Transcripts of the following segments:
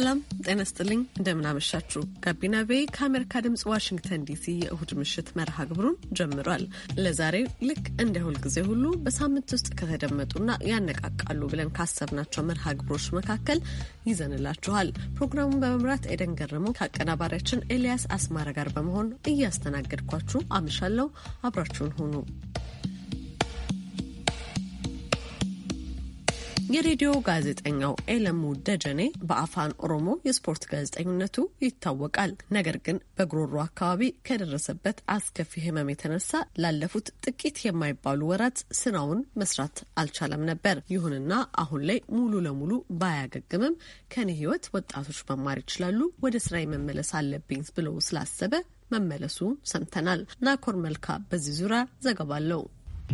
ሰላም ጤና ስጥልኝ። እንደምናመሻችሁ። ጋቢና ቤ ከአሜሪካ ድምፅ ዋሽንግተን ዲሲ የእሁድ ምሽት መርሃ ግብሩን ጀምሯል። ለዛሬ ልክ እንደ ሁልጊዜ ሁሉ በሳምንት ውስጥ ከተደመጡና ያነቃቃሉ ብለን ካሰብናቸው መርሃ ግብሮች መካከል ይዘንላችኋል። ፕሮግራሙን በመምራት ኤደን ገረመው ከአቀናባሪያችን ኤልያስ አስማረ ጋር በመሆን እያስተናገድኳችሁ አመሻለሁ። አብራችሁን ሁኑ። የሬዲዮ ጋዜጠኛው ኤለሙ ደጀኔ በአፋን ኦሮሞ የስፖርት ጋዜጠኝነቱ ይታወቃል። ነገር ግን በጉሮሮ አካባቢ ከደረሰበት አስከፊ ህመም የተነሳ ላለፉት ጥቂት የማይባሉ ወራት ስራውን መስራት አልቻለም ነበር። ይሁንና አሁን ላይ ሙሉ ለሙሉ ባያገግምም ከኔ ህይወት ወጣቶች መማር ይችላሉ፣ ወደ ስራ መመለስ አለብኝ ብለው ስላሰበ መመለሱ ሰምተናል። ናኮር መልካ በዚህ ዙሪያ ዘገባ አለው።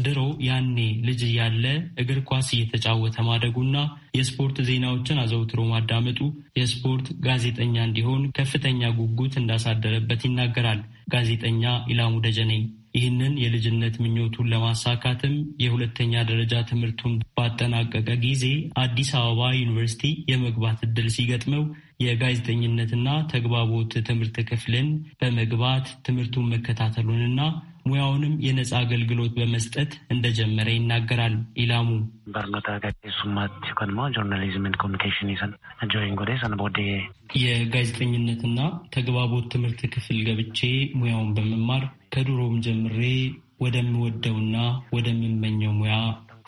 ድሮ ያኔ ልጅ እያለ እግር ኳስ እየተጫወተ ማደጉና የስፖርት ዜናዎችን አዘውትሮ ማዳመጡ የስፖርት ጋዜጠኛ እንዲሆን ከፍተኛ ጉጉት እንዳሳደረበት ይናገራል። ጋዜጠኛ ኢላሙ ደጀነኝ ይህንን የልጅነት ምኞቱን ለማሳካትም የሁለተኛ ደረጃ ትምህርቱን ባጠናቀቀ ጊዜ አዲስ አበባ ዩኒቨርሲቲ የመግባት እድል ሲገጥመው የጋዜጠኝነትና ተግባቦት ትምህርት ክፍልን በመግባት ትምህርቱን መከታተሉንና ሙያውንም የነጻ አገልግሎት በመስጠት እንደጀመረ ይናገራል። ኢላሙ የጋዜጠኝነትና ተግባቦት ትምህርት ክፍል ገብቼ ሙያውን በመማር ከድሮም ጀምሬ ወደምወደውና ወደምመኘው ሙያ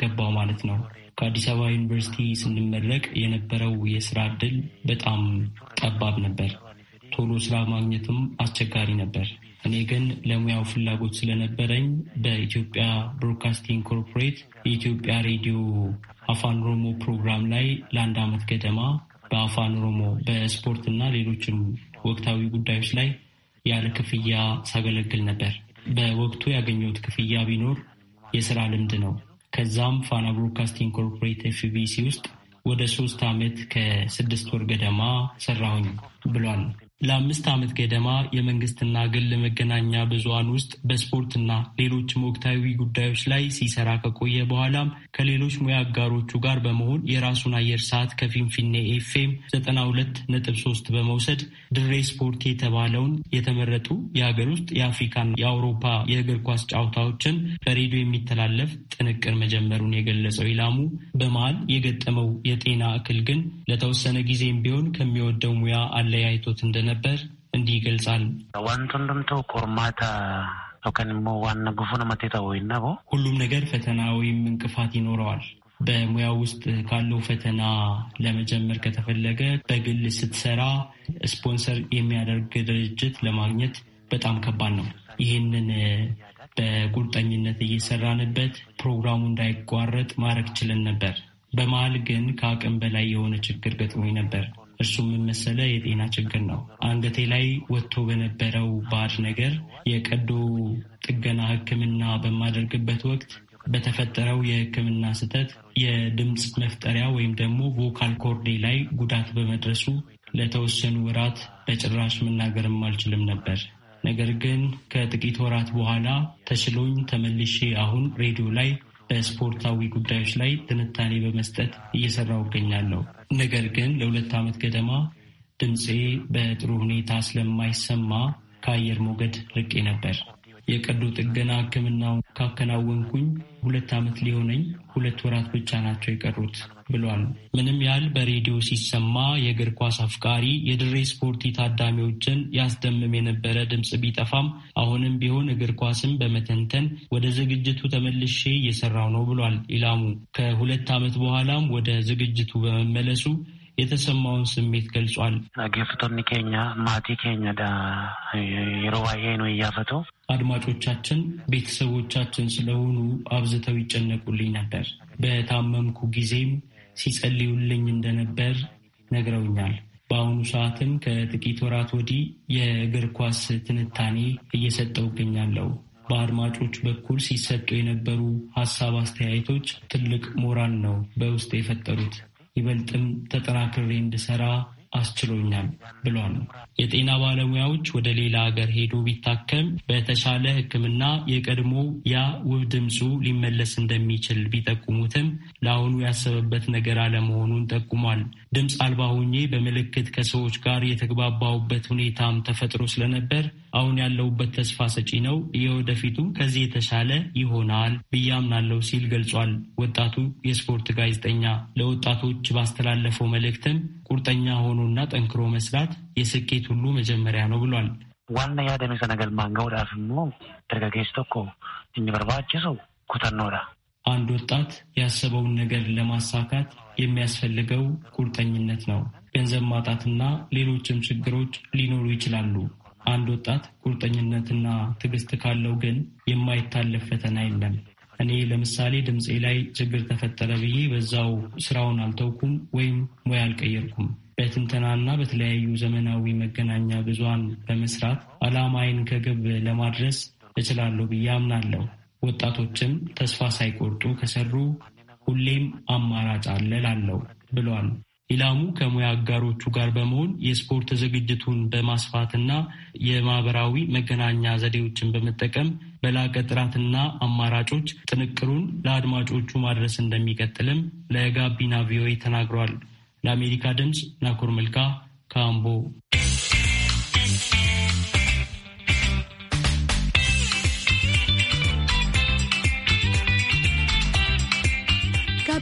ገባው ማለት ነው። ከአዲስ አበባ ዩኒቨርሲቲ ስንመረቅ የነበረው የስራ እድል በጣም ጠባብ ነበር። ቶሎ ስራ ማግኘትም አስቸጋሪ ነበር። እኔ ግን ለሙያው ፍላጎት ስለነበረኝ በኢትዮጵያ ብሮድካስቲንግ ኮርፖሬት የኢትዮጵያ ሬዲዮ አፋን ኦሮሞ ፕሮግራም ላይ ለአንድ ዓመት ገደማ በአፋን ኦሮሞ በስፖርትና ሌሎችም ወቅታዊ ጉዳዮች ላይ ያለ ክፍያ ሳገለግል ነበር። በወቅቱ ያገኘሁት ክፍያ ቢኖር የስራ ልምድ ነው። ከዛም ፋና ብሮድካስቲንግ ኮርፖሬት ኤፍቢሲ ውስጥ ወደ ሶስት ዓመት ከስድስት ወር ገደማ ሰራሁኝ ብሏል። ለአምስት ዓመት ገደማ የመንግስትና ግል መገናኛ ብዙሃን ውስጥ በስፖርትና ሌሎችም ወቅታዊ ጉዳዮች ላይ ሲሰራ ከቆየ በኋላም ከሌሎች ሙያ አጋሮቹ ጋር በመሆን የራሱን አየር ሰዓት ከፊንፊኔ ኤፍኤም ሶስት በመውሰድ ድሬ ስፖርት የተባለውን የተመረጡ የሀገር ውስጥ የአፍሪካና የአውሮፓ የእግር ኳስ ጨዋታዎችን በሬዲዮ የሚተላለፍ ጥንቅር መጀመሩን የገለጸው ኢላሙ በመሃል የገጠመው የጤና እክል ግን ለተወሰነ ጊዜም ቢሆን ከሚወደው ሙያ አለያይቶት እንደ እንደነበር እንዲህ ይገልጻል። ሁሉም ነገር ፈተና ወይም እንቅፋት ይኖረዋል። በሙያ ውስጥ ካለው ፈተና ለመጀመር ከተፈለገ በግል ስትሰራ ስፖንሰር የሚያደርግ ድርጅት ለማግኘት በጣም ከባድ ነው። ይህንን በቁርጠኝነት እየሰራንበት ፕሮግራሙ እንዳይቋረጥ ማድረግ ችለን ነበር። በመሀል ግን ከአቅም በላይ የሆነ ችግር ገጥሞኝ ነበር። እርሱም መሰለ የጤና ችግር ነው። አንገቴ ላይ ወጥቶ በነበረው ባድ ነገር የቀዶ ጥገና ሕክምና በማደርግበት ወቅት በተፈጠረው የሕክምና ስህተት የድምፅ መፍጠሪያ ወይም ደግሞ ቮካል ኮርዴ ላይ ጉዳት በመድረሱ ለተወሰኑ ወራት በጭራሽ መናገርም አልችልም ነበር። ነገር ግን ከጥቂት ወራት በኋላ ተችሎኝ ተመልሼ አሁን ሬዲዮ ላይ በስፖርታዊ ጉዳዮች ላይ ትንታኔ በመስጠት እየሰራው እገኛለሁ። ነገር ግን ለሁለት ዓመት ገደማ ድምፄ በጥሩ ሁኔታ ስለማይሰማ ከአየር ሞገድ ርቄ ነበር። የቀዶ ጥገና ሕክምናውን ካከናወንኩኝ ሁለት ዓመት ሊሆነኝ ሁለት ወራት ብቻ ናቸው የቀሩት። ብሏል። ምንም ያህል በሬዲዮ ሲሰማ የእግር ኳስ አፍቃሪ የድሬ ስፖርቲ ታዳሚዎችን ያስደምም የነበረ ድምፅ ቢጠፋም አሁንም ቢሆን እግር ኳስን በመተንተን ወደ ዝግጅቱ ተመልሼ እየሰራው ነው ብሏል ኢላሙ። ከሁለት ዓመት በኋላም ወደ ዝግጅቱ በመመለሱ የተሰማውን ስሜት ገልጿል። ጌፍቶኒ ኬኛ ማቲ ኬኛ ዳ የሮባዬ ነው እያፈቶ አድማጮቻችን ቤተሰቦቻችን ስለሆኑ አብዝተው ይጨነቁልኝ ነበር። በታመምኩ ጊዜም ሲጸልዩልኝ እንደነበር ነግረውኛል። በአሁኑ ሰዓትም ከጥቂት ወራት ወዲህ የእግር ኳስ ትንታኔ እየሰጠው እገኛለሁ። በአድማጮች በኩል ሲሰጡ የነበሩ ሀሳብ አስተያየቶች ትልቅ ሞራል ነው በውስጥ የፈጠሩት። ይበልጥም ተጠናክሬ እንድሰራ አስችሎኛል ብሏል። የጤና ባለሙያዎች ወደ ሌላ ሀገር ሄዶ ቢታከም በተሻለ ሕክምና የቀድሞ ያ ውብ ድምፁ ሊመለስ እንደሚችል ቢጠቁሙትም ለአሁኑ ያሰበበት ነገር አለመሆኑን ጠቁሟል። ድምፅ አልባ በምልክት ከሰዎች ጋር የተግባባውበት ሁኔታም ተፈጥሮ ስለነበር አሁን ያለውበት ተስፋ ሰጪ ነው። የወደፊቱ ከዚህ የተሻለ ይሆናል ብያምናለው አምናለሁ ሲል ገልጿል። ወጣቱ የስፖርት ጋዜጠኛ ለወጣቶች ባስተላለፈው መልእክትም ቁርጠኛ ሆኖና ጠንክሮ መስራት የስኬት ሁሉ መጀመሪያ ነው ብሏል። ዋና ያደመሰ ነገር ማንገውዳፍ ደርገጌስ ተኮ እኝበርባችሱ ኩተኖዳ አንድ ወጣት ያሰበውን ነገር ለማሳካት የሚያስፈልገው ቁርጠኝነት ነው። ገንዘብ ማጣትና ሌሎችም ችግሮች ሊኖሩ ይችላሉ። አንድ ወጣት ቁርጠኝነትና ትዕግስት ካለው ግን የማይታለፍ ፈተና የለም። እኔ ለምሳሌ ድምፄ ላይ ችግር ተፈጠረ ብዬ በዛው ስራውን አልተውኩም ወይም ሙያ አልቀየርኩም። በትንተናና በተለያዩ ዘመናዊ መገናኛ ብዙሃን በመስራት ዓላማዬን ከግብ ለማድረስ እችላለሁ ብዬ አምናለሁ። ወጣቶችም ተስፋ ሳይቆርጡ ከሰሩ ሁሌም አማራጭ አለ ላለው ብሏል ኢላሙ ከሙያ አጋሮቹ ጋር በመሆን የስፖርት ዝግጅቱን በማስፋትና የማህበራዊ መገናኛ ዘዴዎችን በመጠቀም በላቀ ጥራትና አማራጮች ጥንቅሩን ለአድማጮቹ ማድረስ እንደሚቀጥልም ለጋቢና ቪኦኤ ተናግሯል። ለአሜሪካ ድምፅ ናኮር መልካ ካምቦ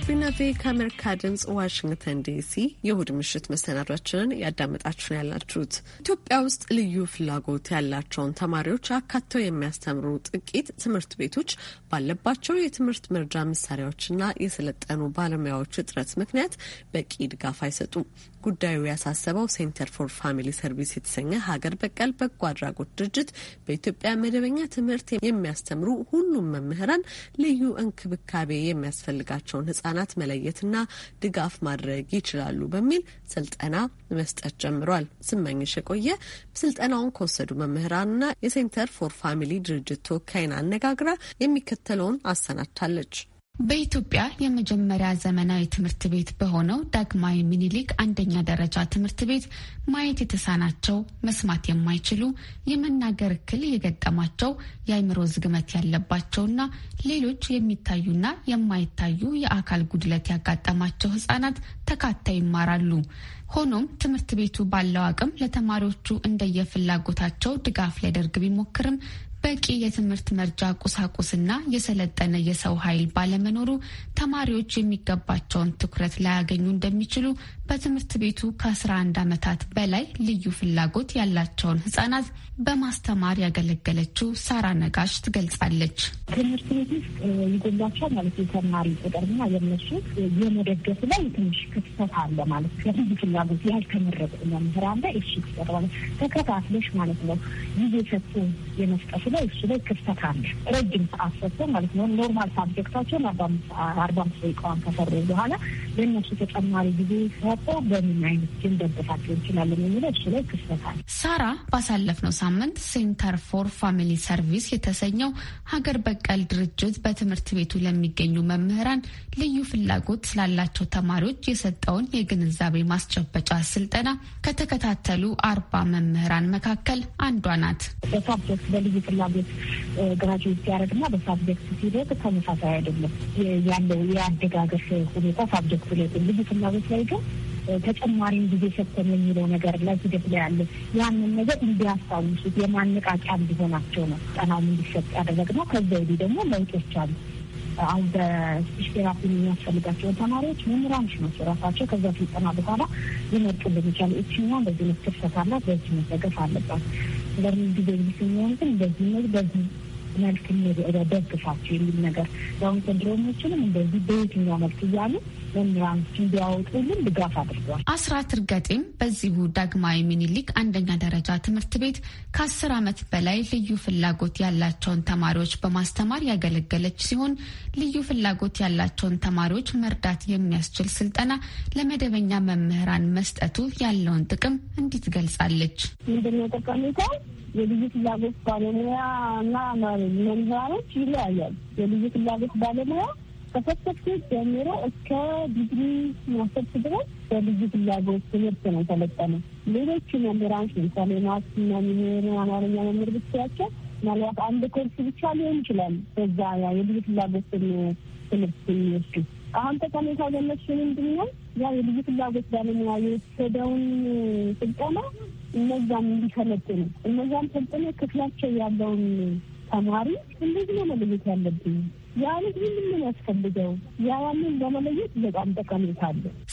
ጋቢና ቬ ከአሜሪካ ድምጽ ዋሽንግተን ዲሲ የእሁድ ምሽት መሰናዷችንን እያዳመጣችሁ ነው ያላችሁት። ኢትዮጵያ ውስጥ ልዩ ፍላጎት ያላቸውን ተማሪዎች አካተው የሚያስተምሩ ጥቂት ትምህርት ቤቶች ባለባቸው የትምህርት መርጃ መሳሪያዎችና የሰለጠኑ ባለሙያዎች እጥረት ምክንያት በቂ ድጋፍ አይሰጡም። ጉዳዩ ያሳሰበው ሴንተር ፎር ፋሚሊ ሰርቪስ የተሰኘ ሀገር በቀል በጎ አድራጎት ድርጅት በኢትዮጵያ መደበኛ ትምህርት የሚያስተምሩ ሁሉም መምህራን ልዩ እንክብካቤ የሚያስፈልጋቸውን ህጻናት መለየትና ድጋፍ ማድረግ ይችላሉ በሚል ስልጠና መስጠት ጀምሯል። ስመኝሽ የቆየ ስልጠናውን ከወሰዱ መምህራንና የሴንተር ፎር ፋሚሊ ድርጅት ተወካይን አነጋግራ የሚከተለውን አሰናድታለች። በኢትዮጵያ የመጀመሪያ ዘመናዊ ትምህርት ቤት በሆነው ዳግማዊ ምኒልክ አንደኛ ደረጃ ትምህርት ቤት ማየት የተሳናቸው፣ መስማት የማይችሉ፣ የመናገር እክል የገጠማቸው፣ የአእምሮ ዝግመት ያለባቸውና ሌሎች የሚታዩና የማይታዩ የአካል ጉድለት ያጋጠማቸው ህጻናት ተካታይ ይማራሉ። ሆኖም ትምህርት ቤቱ ባለው አቅም ለተማሪዎቹ እንደየፍላጎታቸው ድጋፍ ሊያደርግ ቢሞክርም በቂ የትምህርት መርጃ ቁሳቁስና የሰለጠነ የሰው ኃይል ባለመኖሩ ተማሪዎች የሚገባቸውን ትኩረት ላያገኙ እንደሚችሉ በትምህርት ቤቱ ከ11 ዓመታት በላይ ልዩ ፍላጎት ያላቸውን ህጻናት በማስተማር ያገለገለችው ሳራ ነጋሽ ትገልጻለች። ትምህርት ቤት ውስጥ ይጎሏቸው ማለት የተማሪ ቁጥርና የነሱ የመደገፍ ላይ ትንሽ ክፍተት አለ ማለት ልዩ ፍላጎት ያልተመረቁ መምህራን ላይ እሺ ተከታትለሽ ማለት ነው ጊዜ ሰጥቶ የመስጠት ላይ እሱ ላይ ክፍተት አለ። ረጅም ሰዓት ሰጥቶ ማለት ነው ኖርማል ሳብጀክታቸውን አርባ አምስት ደቂቃዋን ከሰሩ በኋላ ለእነሱ ተጨማሪ ጊዜ ሰጥቶ በምን አይነት ልንደግፋቸው እንችላለን የሚለው እሱ ላይ ክፍተታል። ሳራ ባሳለፍነው ሳምንት ሴንተር ፎር ፋሚሊ ሰርቪስ የተሰኘው ሀገር በቀል ድርጅት በትምህርት ቤቱ ለሚገኙ መምህራን ልዩ ፍላጎት ስላላቸው ተማሪዎች የሰጠውን የግንዛቤ ማስጨበጫ ስልጠና ከተከታተሉ አርባ መምህራን መካከል አንዷ ናት። በሳብጀክት በልዩ ፍላጎት ግራጁዌት ሲያደርግና በሳብጀክት ሲደግ ተመሳሳይ አይደለም ያለው የአደጋገፍ ሁኔታ ሳብጀክት ክፍሎትን ልዩ ፍላጎት ላይ ግን ተጨማሪም ጊዜ ሰጥተን የሚለው ነገር ላይ ላይ ያለ ያንን ነገር እንዲያስታውሱት የማነቃቂያ እንዲሆናቸው ነው ጠናም እንዲሰጥ ያደረግነው። ከዛ ወዲህ ደግሞ ለውጦች አሉ። አሁን በስፒች ቴራፒ የሚያስፈልጋቸውን ተማሪዎች መምህራኖች ናቸው ራሳቸው ከዛ ስልጠና በኋላ ሊመርጡልን ይቻሉ። እችኛ በዚህ ምክር ሰታላት በዚህ መደገፍ አለባት ለምን ጊዜ ሲሆን ግን በዚህ በዚህ መልክ ደግፋቸው የሚል ነገር ለአሁን ሰንድሮሞችንም እንደዚህ በየትኛው መልክ እያሉ መምህራን እንዲያወጡልን ድጋፍ አድርጓል። አስራት እርገጤም በዚሁ ዳግማዊ ሚኒሊክ አንደኛ ደረጃ ትምህርት ቤት ከአስር ዓመት በላይ ልዩ ፍላጎት ያላቸውን ተማሪዎች በማስተማር ያገለገለች ሲሆን ልዩ ፍላጎት ያላቸውን ተማሪዎች መርዳት የሚያስችል ስልጠና ለመደበኛ መምህራን መስጠቱ ያለውን ጥቅም እንዲት ገልጻለች። ምንድነው ጠቀሜታው? የልዩ ፍላጎት ባለሙያ እና መምህራኖች ይለያያል። የልዩ ፍላጎት ባለሙያ ከተሰብኩ ጀምሮ እስከ ዲግሪ ማሰርት ድረስ በልዩ ፍላጎት ትምህርት ነው ተለጠነ። ሌሎቹ መምህራን ለምሳሌ ማስ ሚሆን አማርኛ መምህር ብትያቸው ምናልባት አንድ ኮርስ ብቻ ሊሆን ይችላል። በዛ ያ የልዩ ፍላጎት ትምህርት የሚወስዱ አሁን ተቀሜታ ለነሱ ምንድን ነው? ያ የልዩ ፍላጎት ባለሙያ የወሰደውን ስልጠና እነዛም እንዲሰለጥኑ እነዛም ሰልጥነ ክፍላቸው ያለውን ተማሪ እንደዚህ ነው መለየት ያለብኝ ያ ልጅ ያ ያንን በጣም ጠቀሜታ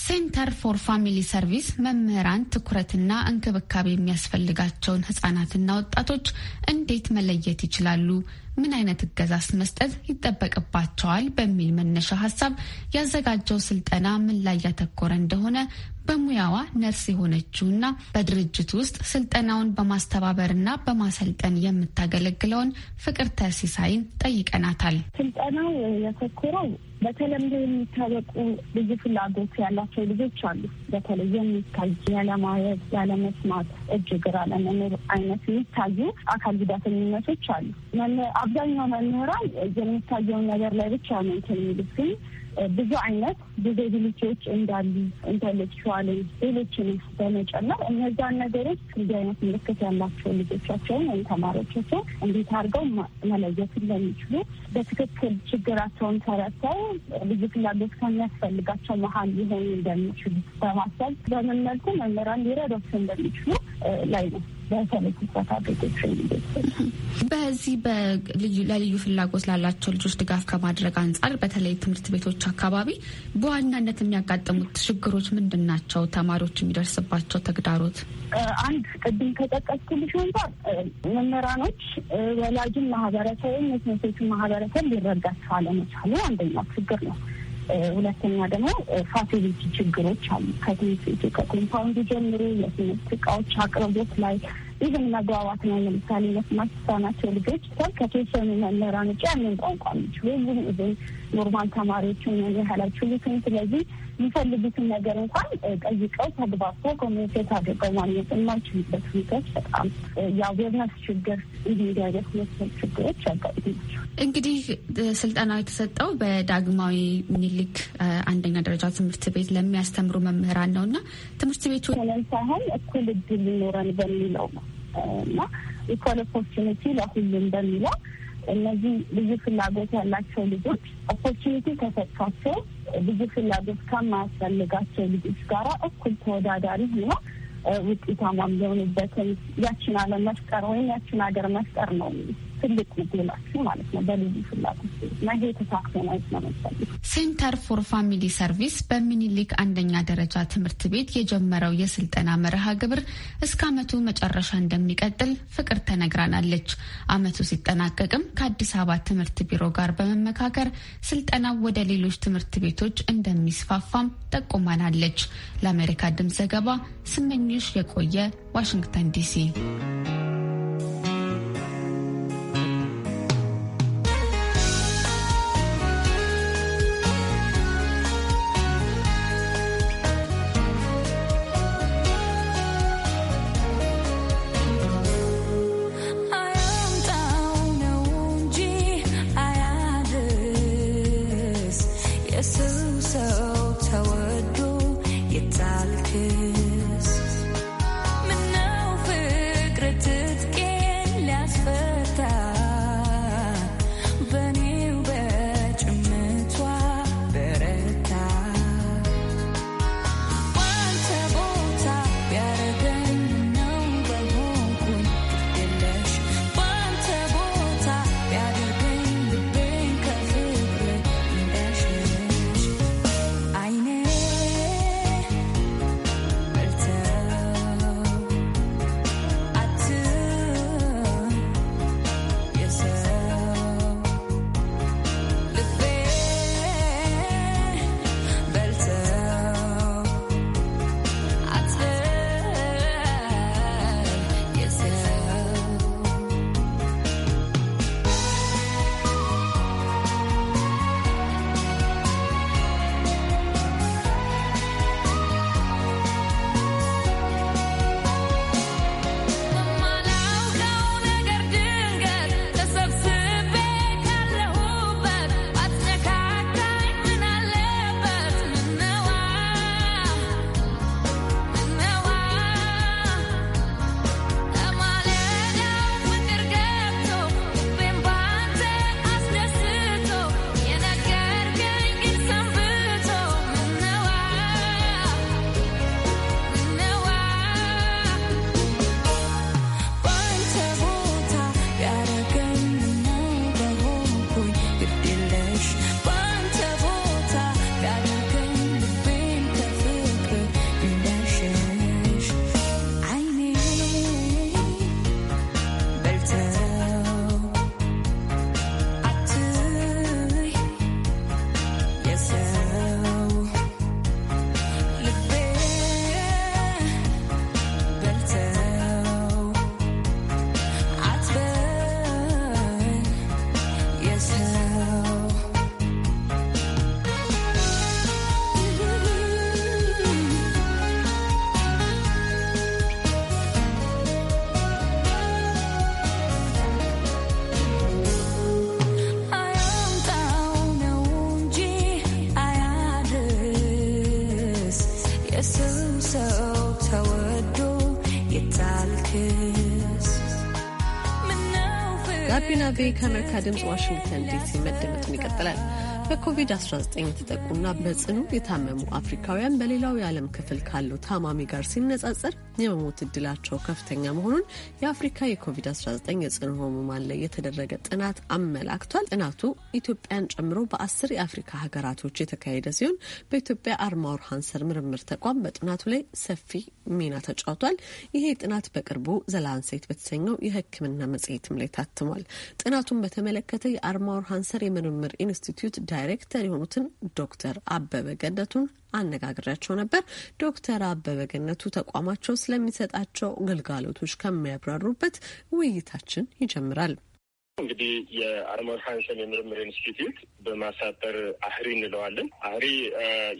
ሴንተር ፎር ፋሚሊ ሰርቪስ መምህራን ትኩረትና እንክብካቤ የሚያስፈልጋቸውን ህጻናትና ወጣቶች እንዴት መለየት ይችላሉ? ምን አይነት እገዛስ መስጠት ይጠበቅባቸዋል በሚል መነሻ ሀሳብ ያዘጋጀው ስልጠና ምን ላይ ያተኮረ እንደሆነ በሙያዋ ነርስ የሆነችውና በድርጅት ውስጥ ስልጠናውን በማስተባበርና በማሰልጠን የምታገለግለውን ፍቅርተ ሲሳይን ጠይቀናታል። ስልጠናው ያተኮረው በተለምዶ የሚታወቁ ልዩ ፍላጎት ያላቸው ልጆች አሉ። በተለይ የሚታይ ያለማየት፣ ያለመስማት፣ እጅ እግር አለመኖር አይነት የሚታዩ አካል ጉዳተኝነቶች አሉ። አብዛኛው መምህራን የሚታየውን ነገር ላይ ብቻ ነው እንትን የሚሉት ግን ብዙ አይነት ዲዛቢሊቲዎች እንዳሉ ኢንተሌክቹዋል ሌሎችን በመጨመር እነዛን ነገሮች እንዲህ አይነት ምልክት ያላቸው ልጆቻቸውን ወይም ተማሪዎቻቸውን እንዴት አድርገው መለየት እንደሚችሉ በትክክል ችግራቸውን ተረድተው ልዩ ፍላጎት ከሚያስፈልጋቸው መሀል ሊሆኑ እንደሚችሉ በማሰብ በምን መልኩ መምህራን ሊረዷቸው እንደሚችሉ ላይ ነው። በዚህ በልዩ ለልዩ ፍላጎት ላላቸው ልጆች ድጋፍ ከማድረግ አንጻር በተለይ ትምህርት ቤቶች አካባቢ በዋናነት የሚያጋጥሙት ችግሮች ምንድን ናቸው? ተማሪዎች የሚደርስባቸው ተግዳሮት አንድ ቅድም ከጠቀስኩልሽ አንጻር መምህራኖች፣ ወላጅን ማህበረሰብን፣ የትምህርት ቤቱ ማህበረሰብ ሊረዳቸው አለመቻሉ አንደኛው ችግር ነው። ሁለተኛ ደግሞ ፋሲሊቲ ችግሮች አሉ። ከኮምፓውንዱ ጀምሮ የትምህርት እቃዎች አቅርቦት ላይ ይህን መግባባት ነው። ለምሳሌ መስማት የተሳናቸው ልጆች ሰል ከቴሰኑ መምህራን ውጭ ያንን ቋንቋ የሚችሉ ብዙ ጊዜ ኖርማል ተማሪዎችን ያህላችሁ ልትን ስለዚህ የሚፈልጉትን ነገር እንኳን ጠይቀው ተግባብተው ኮሚኒኬት አድርገው ማግኘት የማይችሉበት ሁኔታዎች በጣም የአዌርነስ ችግር እንዲንዲያደት መሰል ችግሮች ያጋጥማቸው ናቸው። እንግዲህ ስልጠናው የተሰጠው በዳግማዊ ምኒልክ አንደኛ ደረጃ ትምህርት ቤት ለሚያስተምሩ መምህራን ነው እና ትምህርት ቤቱ ሆነን ሳይሆን እኩል እድል ሊኖረን በሚለው ነው እና ኢኳል ኦፖርቹኒቲ ለሁሉም በሚለው እነዚህ ልዩ ፍላጎት ያላቸው ልጆች ኦፖርቹኒቲ ተሰጥቷቸው ልዩ ፍላጎት ከማያስፈልጋቸው ልጆች ጋራ እኩል ተወዳዳሪ ሆኖ ውጤታማ የሚሆኑበትን ያችን ዓለም መፍጠር ወይም ያችን ሀገር መፍጠር ነው። ትልቅ ግላችሁ ማለት ነው በልዩ ፍላጎት እና ይሄ ተሳክቶ ማየት ነው መሰለኝ። ሴንተር ፎር ፋሚሊ ሰርቪስ በሚኒሊክ አንደኛ ደረጃ ትምህርት ቤት የጀመረው የስልጠና መርሃ ግብር እስከ አመቱ መጨረሻ እንደሚቀጥል ፍቅር ተነግራናለች። አመቱ ሲጠናቀቅም ከአዲስ አበባ ትምህርት ቢሮ ጋር በመመካከር ስልጠናው ወደ ሌሎች ትምህርት ቤቶች እንደሚስፋፋም ጠቁማናለች። ለአሜሪካ ድምፅ ዘገባ ስመኝሽ የቆየ ዋሽንግተን ዲሲ። ከአሜሪካ ድምፅ ዋሽንግተን ዲሲ መደመጡን ይቀጥላል። በኮቪድ-19 የተጠቁና በጽኑ የታመሙ አፍሪካውያን በሌላው የዓለም ክፍል ካለው ታማሚ ጋር ሲነጻጸር የመሞት እድላቸው ከፍተኛ መሆኑን የአፍሪካ የኮቪድ-19 የጽኑ ህሙማን ላይ የተደረገ ጥናት አመላክቷል። ጥናቱ ኢትዮጵያን ጨምሮ በአስር የአፍሪካ ሀገራቶች የተካሄደ ሲሆን በኢትዮጵያ አርማውር ሃንሰር ምርምር ተቋም በጥናቱ ላይ ሰፊ ሚና ተጫውቷል። ይሄ ጥናት በቅርቡ ዘላንሴት በተሰኘው የሕክምና መጽሔትም ላይ ታትሟል። ጥናቱን በተመለከተ የአርማወር ሃንሰር የምርምር ኢንስቲትዩት ዳ ዳይሬክተር የሆኑትን ዶክተር አበበ ገነቱን አነጋግሬያቸው ነበር። ዶክተር አበበ ገነቱ ተቋማቸው ስለሚሰጣቸው ግልጋሎቶች ከሚያብራሩበት ውይይታችን ይጀምራል። እንግዲህ የአርመር ሃንሰን የምርምር ኢንስቲትዩት በማሳጠር አህሪ እንለዋለን። አህሪ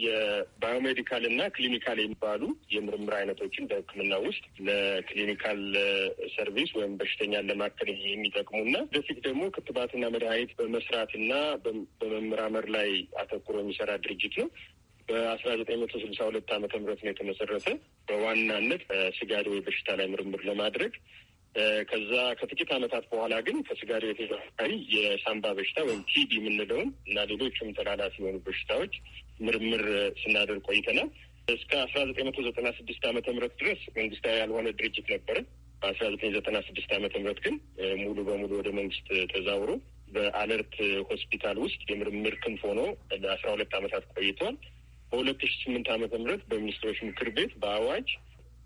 የባዮሜዲካል እና ክሊኒካል የሚባሉ የምርምር አይነቶችን በሕክምና ውስጥ ለክሊኒካል ሰርቪስ ወይም በሽተኛን ለማከል የሚጠቅሙ እና በፊት ደግሞ ክትባትና መድኃኒት በመስራት እና በመመራመር ላይ አተኩሮ የሚሰራ ድርጅት ነው። በአስራ ዘጠኝ መቶ ስልሳ ሁለት ዓመተ ምህረት ነው የተመሰረተ። በዋናነት ስጋ በሽታ ላይ ምርምር ለማድረግ ከዛ ከጥቂት ዓመታት በኋላ ግን ከስጋር በተዘካሪ የሳምባ በሽታ ወይም ቲቢ የምንለውን እና ሌሎችም ተላላፊ የሆኑ በሽታዎች ምርምር ስናደርግ ቆይተናል። እስከ አስራ ዘጠኝ መቶ ዘጠና ስድስት ዓመተ ምህረት ድረስ መንግስታዊ ያልሆነ ድርጅት ነበረ። በአስራ ዘጠኝ ዘጠና ስድስት ዓመተ ምህረት ግን ሙሉ በሙሉ ወደ መንግስት ተዛውሮ በአለርት ሆስፒታል ውስጥ የምርምር ክንፍ ሆኖ ለአስራ ሁለት ዓመታት ቆይቷል። በሁለት ሺ ስምንት ዓመተ ምህረት በሚኒስትሮች ምክር ቤት በአዋጅ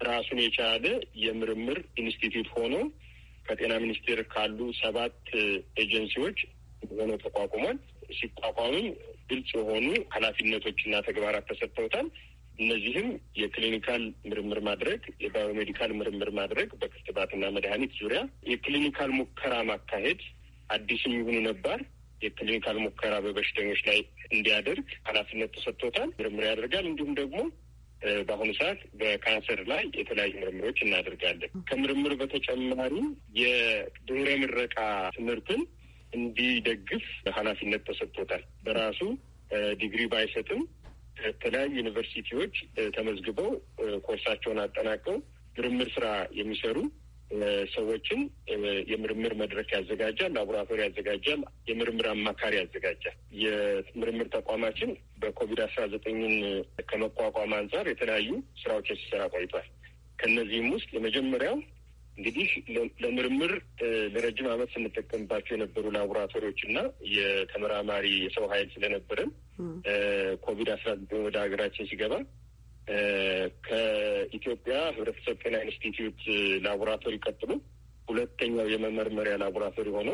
ራሱን የቻለ የምርምር ኢንስቲትዩት ሆኖ ከጤና ሚኒስቴር ካሉ ሰባት ኤጀንሲዎች ሆኖ ተቋቁሟል። ሲቋቋምም ግልጽ የሆኑ ኃላፊነቶችና ተግባራት ተሰጥተውታል። እነዚህም የክሊኒካል ምርምር ማድረግ፣ የባዮሜዲካል ምርምር ማድረግ በክትባትና መድኃኒት ዙሪያ የክሊኒካል ሙከራ ማካሄድ፣ አዲስም ይሁኑ ነባር የክሊኒካል ሙከራ በበሽተኞች ላይ እንዲያደርግ ኃላፊነት ተሰጥቶታል። ምርምር ያደርጋል። እንዲሁም ደግሞ በአሁኑ ሰዓት በካንሰር ላይ የተለያዩ ምርምሮች እናደርጋለን። ከምርምር በተጨማሪ የድህረ ምረቃ ትምህርትን እንዲደግፍ ኃላፊነት ተሰጥቶታል። በራሱ ዲግሪ ባይሰጥም ከተለያዩ ዩኒቨርሲቲዎች ተመዝግበው ኮርሳቸውን አጠናቀው ምርምር ስራ የሚሰሩ ሰዎችን የምርምር መድረክ ያዘጋጃል፣ ላቦራቶሪ ያዘጋጃል፣ የምርምር አማካሪ ያዘጋጃል። የምርምር ተቋማችን በኮቪድ አስራ ዘጠኝን ከመቋቋም አንጻር የተለያዩ ስራዎች ሲሰራ ቆይቷል። ከእነዚህም ውስጥ የመጀመሪያው እንግዲህ ለምርምር ለረጅም ዓመት ስንጠቀምባቸው የነበሩ ላቦራቶሪዎች እና የተመራማሪ የሰው ኃይል ስለነበረን ኮቪድ አስራ ዘጠኝ ወደ ሀገራችን ሲገባ ከኢትዮጵያ ህብረተሰብ ጤና ኢንስቲትዩት ላቦራቶሪ ቀጥሎ ሁለተኛው የመመርመሪያ ላቦራቶሪ ሆኖ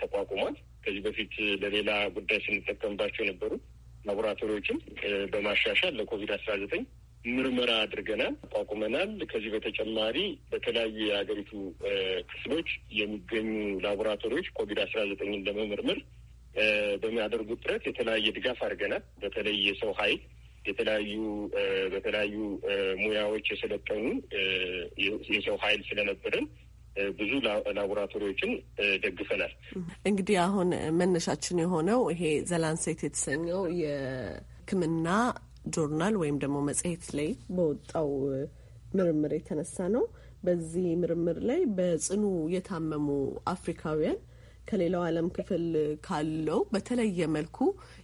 ተቋቁሟል። ከዚህ በፊት ለሌላ ጉዳይ ስንጠቀምባቸው የነበሩ ላቦራቶሪዎችን በማሻሻል ለኮቪድ አስራ ዘጠኝ ምርመራ አድርገናል፣ አቋቁመናል። ከዚህ በተጨማሪ በተለያዩ የሀገሪቱ ክፍሎች የሚገኙ ላቦራቶሪዎች ኮቪድ አስራ ዘጠኝን ለመመርመር በሚያደርጉት ጥረት የተለያየ ድጋፍ አድርገናል። በተለይ የሰው ኃይል የተለያዩ በተለያዩ ሙያዎች የሰለጠኑ የሰው ኃይል ስለነበረን ብዙ ላቦራቶሪዎችን ደግፈናል። እንግዲህ አሁን መነሻችን የሆነው ይሄ ዘላንሴት የተሰኘው የሕክምና ጆርናል ወይም ደግሞ መጽሔት ላይ በወጣው ምርምር የተነሳ ነው። በዚህ ምርምር ላይ በጽኑ የታመሙ አፍሪካውያን ከሌላው ዓለም ክፍል ካለው በተለየ መልኩ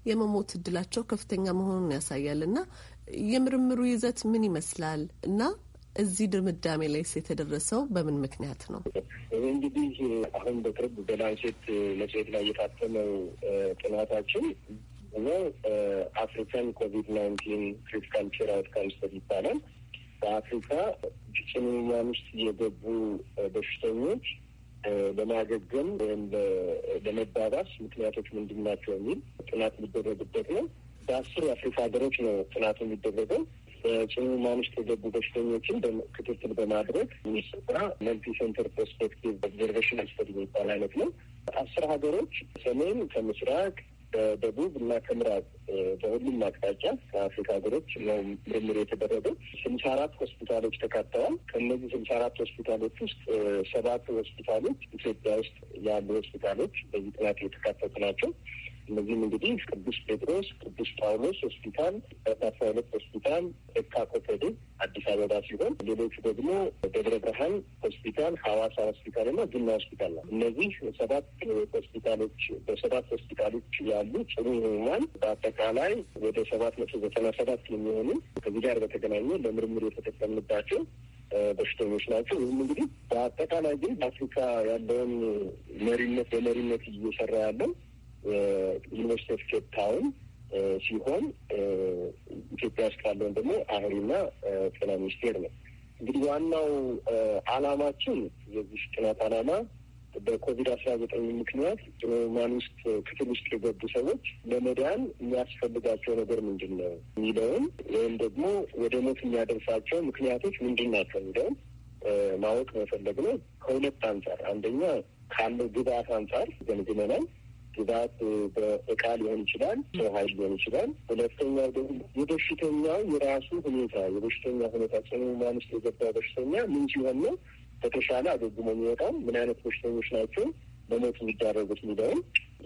የመሞት እድላቸው ከፍተኛ መሆኑን ያሳያል። እና የምርምሩ ይዘት ምን ይመስላል እና እዚህ ድምዳሜ ላይ የተደረሰው በምን ምክንያት ነው? እንግዲህ አሁን በቅርብ በላንሴት መጽሔት ላይ የታተመው ጥናታችን አፍሪካን ኮቪድ ናይንቲን ክሪቲካል ኬር አውትካምስ ይባላል። በአፍሪካ ጽኑ ውስጥ የገቡ በሽተኞች ለማገገም ወይም ለመባባስ ምክንያቶች ምንድን ናቸው የሚል ጥናት የሚደረግበት ነው። በአስር የአፍሪካ ሀገሮች ነው ጥናቱ የሚደረገው። በጽኑ ማምስት የገቡ በሽተኞችን ክትትል በማድረግ የሚሰራ መልቲ ሴንተር ፐርስፔክቲቭ ኦብዘርቬሽን ስተዲ የሚባል አይነት ነው። አስር ሀገሮች ሰሜን ከምስራቅ በደቡብ እና ከምዕራብ በሁሉም አቅጣጫ ከአፍሪካ ሀገሮች ነው ምርምር የተደረገው። ስልሳ አራት ሆስፒታሎች ተካተዋል። ከእነዚህ ስልሳ አራት ሆስፒታሎች ውስጥ ሰባት ሆስፒታሎች ኢትዮጵያ ውስጥ ያሉ ሆስፒታሎች በዚህ ጥናት የተካተቱ ናቸው። እነዚህም እንግዲህ ቅዱስ ጴጥሮስ፣ ቅዱስ ጳውሎስ ሆስፒታል፣ ፓትርያርክ ሆስፒታል የካ ኮተቤ አዲስ አበባ ሲሆን ሌሎቹ ደግሞ ደብረ ብርሃን ሆስፒታል፣ ሐዋሳ ሆስፒታል እና ዝና ሆስፒታል ነው። እነዚህ ሰባት ሆስፒታሎች በሰባት ሆስፒታሎች ያሉ ጽኑ ይሆናል። በአጠቃላይ ወደ ሰባት መቶ ዘጠና ሰባት የሚሆኑ ከዚህ ጋር በተገናኘ ለምርምር የተጠቀምንባቸው በሽተኞች ናቸው። ይህም እንግዲህ በአጠቃላይ ግን በአፍሪካ ያለውን መሪነት በመሪነት እየሰራ ያለው ዩኒቨርሲቲ ኦፍ ኬፕ ታውን ሲሆን ኢትዮጵያ ውስጥ ካለውን ደግሞ አህሪና ጤና ሚኒስቴር ነው። እንግዲህ ዋናው አላማችን የዚህ ጥናት አላማ በኮቪድ አስራ ዘጠኝ ምክንያት ማን ውስጥ ክፍል ውስጥ የገቡ ሰዎች ለመዳን የሚያስፈልጋቸው ነገር ምንድን ነው የሚለውን ወይም ደግሞ ወደ ሞት የሚያደርሳቸው ምክንያቶች ምንድን ናቸው የሚለውን ማወቅ መፈለግ ነው። ከሁለት አንጻር አንደኛ ካለው ግብአት አንጻር ገምግመናል። ግብአት በእቃ ሊሆን ይችላል፣ ሰው ኃይል ሊሆን ይችላል። ሁለተኛው ደግሞ የበሽተኛው የራሱ ሁኔታ የበሽተኛ ሁኔታ ጽኑ ሕሙማን ውስጥ የገባ በሽተኛ ምን ሲሆን ነው በተሻለ አገግሞ የሚወጣው፣ ምን አይነት በሽተኞች ናቸው በሞት የሚዳረጉት የሚለውን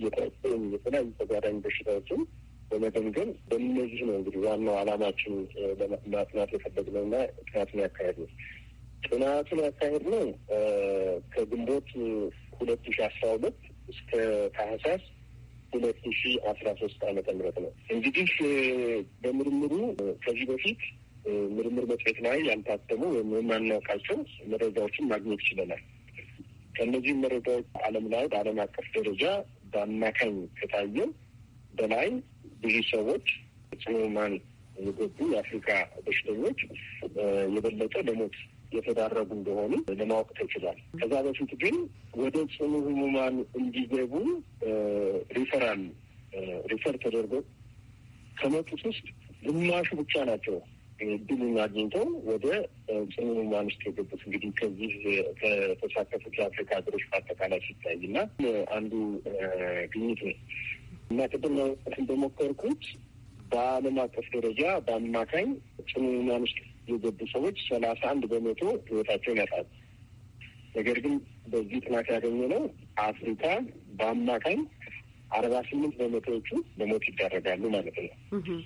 የቆም የተለያዩ ተጓዳኝ በሽታዎችን በመገምገም በእነዚህ ነው እንግዲህ ዋናው አላማችን ማጥናት እና ጥናቱን ያካሄድ ነው። ጥናቱን ያካሄድ ነው ከግንቦት ሁለት ሺ አስራ ሁለት እስከ ታህሳስ ሁለት ሺ አስራ ሶስት አመተ ምህረት ነው። እንግዲህ በምርምሩ ከዚህ በፊት ምርምር መጽሔት ላይ ያልታተሙ ወይም የማናውቃቸው መረጃዎችን ማግኘት ችለናል። ከእነዚህም መረጃዎች ዓለም ላይ በዓለም አቀፍ ደረጃ በአማካኝ ከታየው በላይ ብዙ ሰዎች ጽሙማን የገቡ የአፍሪካ በሽተኞች የበለጠ ለሞት የተዳረጉ እንደሆኑ ለማወቅ ተችሏል። ከዛ በፊት ግን ወደ ጽኑ ህሙማን እንዲገቡ ሪፈራል ሪፈር ተደርጎ ከመጡት ውስጥ ግማሹ ብቻ ናቸው እድሉን አግኝተው ወደ ጽኑ ህሙማን ውስጥ የገቡት። እንግዲህ ከዚህ ከተሳተፉት የአፍሪካ ሀገሮች በአጠቃላይ ሲታይ እና አንዱ ግኝት ነው እና ቅድም ለመውጣት እንደሞከርኩት በዓለም አቀፍ ደረጃ በአማካኝ ጽኑ ህሙማን ውስጥ የገቡ ሰዎች ሰላሳ አንድ በመቶ ህይወታቸውን ያጣሉ። ነገር ግን በዚህ ጥናት ነው አፍሪካ በአማካኝ አርባ ስምንት በመቶዎቹ በሞት ይዳረጋሉ ማለት ነው።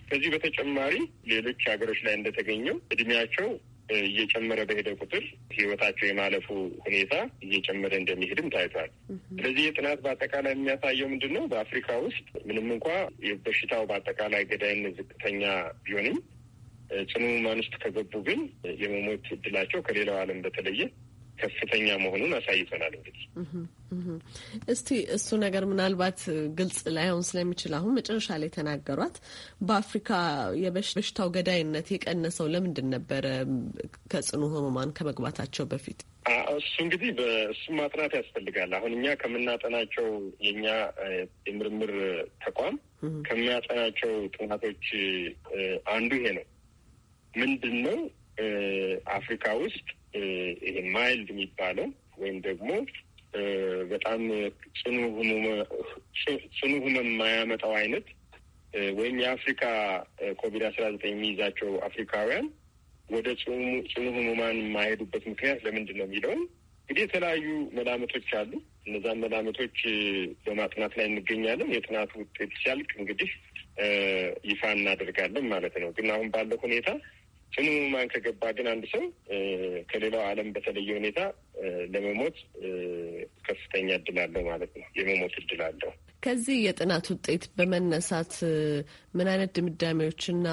ከዚህ በተጨማሪ ሌሎች ሀገሮች ላይ እንደተገኘው እድሜያቸው እየጨመረ በሄደ ቁጥር ህይወታቸው የማለፉ ሁኔታ እየጨመረ እንደሚሄድም ታይቷል። ስለዚህ የጥናት በአጠቃላይ የሚያሳየው ምንድን ነው? በአፍሪካ ውስጥ ምንም እንኳ የበሽታው በአጠቃላይ ገዳይነት ዝቅተኛ ቢሆንም ጽኑ ሕሙማን ውስጥ ከገቡ ግን የመሞት እድላቸው ከሌላው ዓለም በተለየ ከፍተኛ መሆኑን አሳይተናል። እንግዲህ እስቲ እሱ ነገር ምናልባት ግልጽ ላይሆን ስለሚችል አሁን መጨረሻ ላይ ተናገሯት። በአፍሪካ የበሽታው ገዳይነት የቀነሰው ለምንድን ነበረ? ከጽኑ ህሙማን ከመግባታቸው በፊት እሱ እንግዲህ በእሱ ማጥናት ያስፈልጋል። አሁን እኛ ከምናጠናቸው የእኛ የምርምር ተቋም ከሚያጠናቸው ጥናቶች አንዱ ይሄ ነው። ምንድን ነው አፍሪካ ውስጥ ይሄ ማይልድ የሚባለው ወይም ደግሞ በጣም ጽኑ ህመም የማያመጣው አይነት ወይም የአፍሪካ ኮቪድ አስራ ዘጠኝ የሚይዛቸው አፍሪካውያን ወደ ጽኑ ህሙማን የማይሄዱበት ምክንያት ለምንድን ነው የሚለውን እንግዲህ የተለያዩ መላመቶች አሉ። እነዛን መላመቶች በማጥናት ላይ እንገኛለን። የጥናቱ ውጤት ሲያልቅ እንግዲህ ይፋ እናደርጋለን ማለት ነው። ግን አሁን ባለው ሁኔታ ጽኑ ሕሙማን ከገባ ግን አንድ ሰው ከሌላው ዓለም በተለየ ሁኔታ ለመሞት ከፍተኛ እድል አለው ማለት ነው። የመሞት እድል አለው። ከዚህ የጥናት ውጤት በመነሳት ምን አይነት ድምዳሜዎችና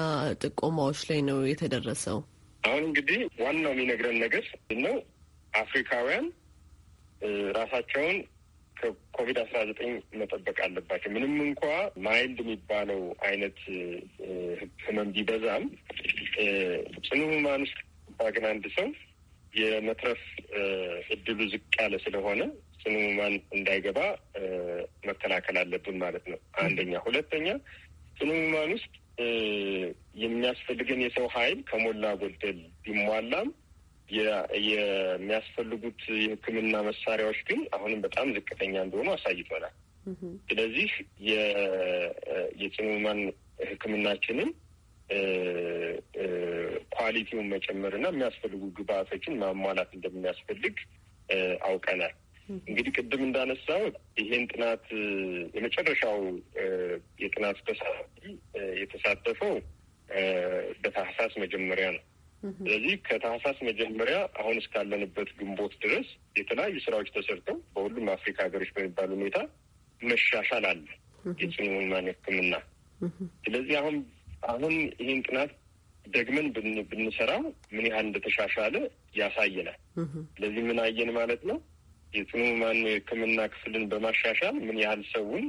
ጥቆማዎች ላይ ነው የተደረሰው? አሁን እንግዲህ ዋናው የሚነግረን ነገር ነው አፍሪካውያን ራሳቸውን ከኮቪድ አስራ ዘጠኝ መጠበቅ አለባቸው። ምንም እንኳ ማይልድ የሚባለው አይነት ህመም ቢበዛም ጽኑ ህሙማን ውስጥ ባግን አንድ ሰው የመትረፍ እድሉ ዝቅ ያለ ስለሆነ ጽኑ ህሙማን እንዳይገባ መከላከል አለብን ማለት ነው። አንደኛ። ሁለተኛ ጽኑ ህሙማን ውስጥ የሚያስፈልገን የሰው ኃይል ከሞላ ጎደል ቢሟላም የሚያስፈልጉት የሕክምና መሳሪያዎች ግን አሁንም በጣም ዝቅተኛ እንደሆኑ አሳይቶናል። ስለዚህ የጽኑ ህሙማን ሕክምናችንን ኳሊቲውን መጨመር እና የሚያስፈልጉ ግብአቶችን ማሟላት እንደሚያስፈልግ አውቀናል። እንግዲህ ቅድም እንዳነሳው ይሄን ጥናት የመጨረሻው የጥናት ተሳታፊ የተሳተፈው በታህሳስ መጀመሪያ ነው። ስለዚህ ከታህሳስ መጀመሪያ አሁን እስካለንበት ግንቦት ድረስ የተለያዩ ስራዎች ተሰርተው በሁሉም አፍሪካ ሀገሮች በሚባል ሁኔታ መሻሻል አለ የጽኑ ህሙማን ሕክምና። ስለዚህ አሁን አሁን ይህን ጥናት ደግመን ብንሰራው ምን ያህል እንደተሻሻለ ያሳየናል። ስለዚህ ምን አየን ማለት ነው? የጽኑ ህሙማን ሕክምና ክፍልን በማሻሻል ምን ያህል ሰውን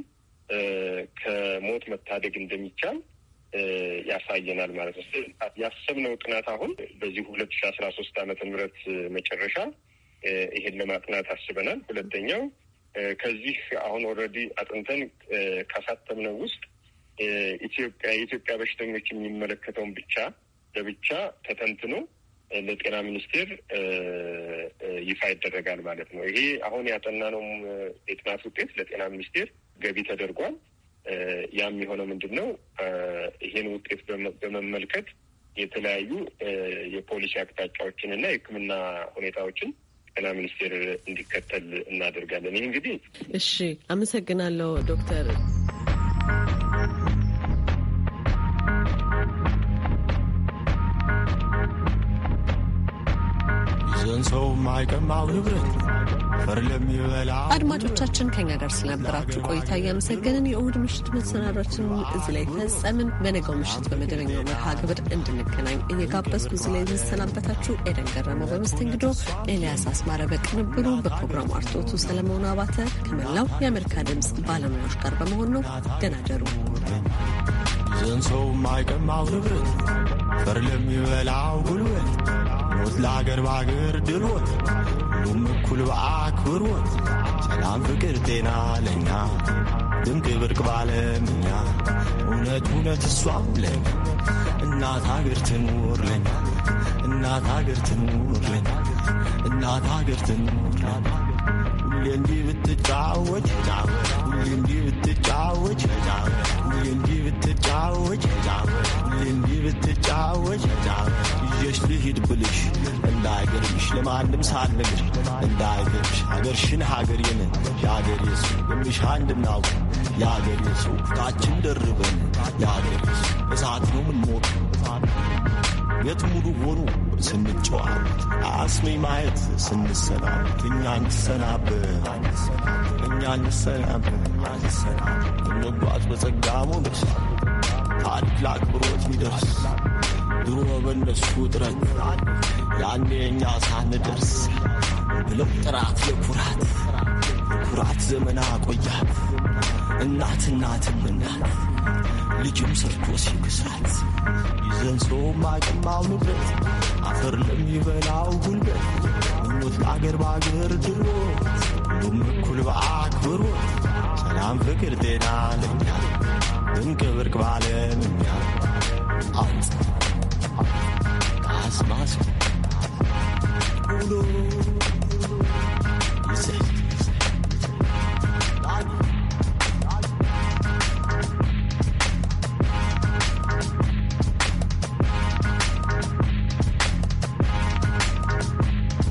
ከሞት መታደግ እንደሚቻል ያሳየናል ማለት ነው። ያሰብነው ጥናት አሁን በዚሁ ሁለት ሺ አስራ ሶስት አመተ ምህረት መጨረሻ ይሄን ለማጥናት አስበናል። ሁለተኛው ከዚህ አሁን ኦልሬዲ አጥንተን ካሳተምነው ውስጥ ኢትዮጵያ የኢትዮጵያ በሽተኞች የሚመለከተውን ብቻ ለብቻ ተተንትኖ ለጤና ሚኒስቴር ይፋ ይደረጋል ማለት ነው። ይሄ አሁን ያጠናነውም የጥናት ውጤት ለጤና ሚኒስቴር ገቢ ተደርጓል። ያም የሆነው ምንድን ነው? ይሄን ውጤት በመመልከት የተለያዩ የፖሊሲ አቅጣጫዎችን እና የሕክምና ሁኔታዎችን ጤና ሚኒስቴር እንዲከተል እናደርጋለን። ይህ እንግዲህ እሺ፣ አመሰግናለሁ ዶክተር ማን ሰው ማይቀማው ንብረት ፈር ለሚበላ አድማጮቻችን ከኛ ጋር ስለነበራችሁ ቆይታ እያመሰገንን የእሁድ ምሽት መሰናዷችን እዚህ ላይ ፈጸምን። በነገው ምሽት በመደበኛው መርሃ ግብር እንድንገናኝ እየጋበዝኩ እዚህ ላይ የምሰናበታችሁ ኤደን ገረመው በመስተንግዶ፣ ኤልያስ አስማረ በቅንብሩ፣ በፕሮግራሙ አርቶቱ ሰለሞን አባተ ከመላው የአሜሪካ ድምፅ ባለሙያዎች ጋር በመሆን ነው። ደናደሩ ዘንሰው ማይቀማው ንብረት ፈር ለሚበላው ጉልበት ሞት ለአገር በአገር ድሎት ሁሉም እኩል በአክብሮት ሰላም፣ ፍቅር፣ ጤና ለኛ ድንቅ ብርቅ ባለምኛ እውነት እውነት እሷ ለኛ እናት አገር ትኑር ለኛ እናት አገር ትኑር ለኛ እናት አገር ትኑር ሁሌ እንዲህ ብትጫወት እንዲህ ብትጫወች እንዲህ ብትጫወች ብልሽ እንደ አገርሽ ለማንም ሳልነግር እንደ አገርሽ አገርሽን ሀገሬን የአገሬ ሰው የምልሽ አንድናው የአገሬ ሰው ታችን ደርበን የአገሬ ሰው እሳት ነው ምንሞቅ የት ሙሉ ሆኑ ስንጨዋወት አስሜ ማየት ስንሰናበት እኛን ትሰናበት አንሰናብም አንሰናብ እንጓዝ በጸጋሙ ደስ ታላቅ ብሮት ይደርስ ድሮ በነሱ ጥረት ያኔ እኛ ሳንደርስ ብለው ጥራት ለኩራት ኩራት ዘመና ቆያት እናት እናትም እናት ልጅም ሰርቶ ሲክስራት ይዘን ሰውም አቅማው ንብረት አፈር ለሚበላው ጉልበት መሞት ለአገር በአገር ድሮ ሁሉም እኩል በአክብሮት ሰላም፣ ፍቅር፣ ጤና ለኛ እንቅብርቅ ባለምኛ አስማስ ውሎ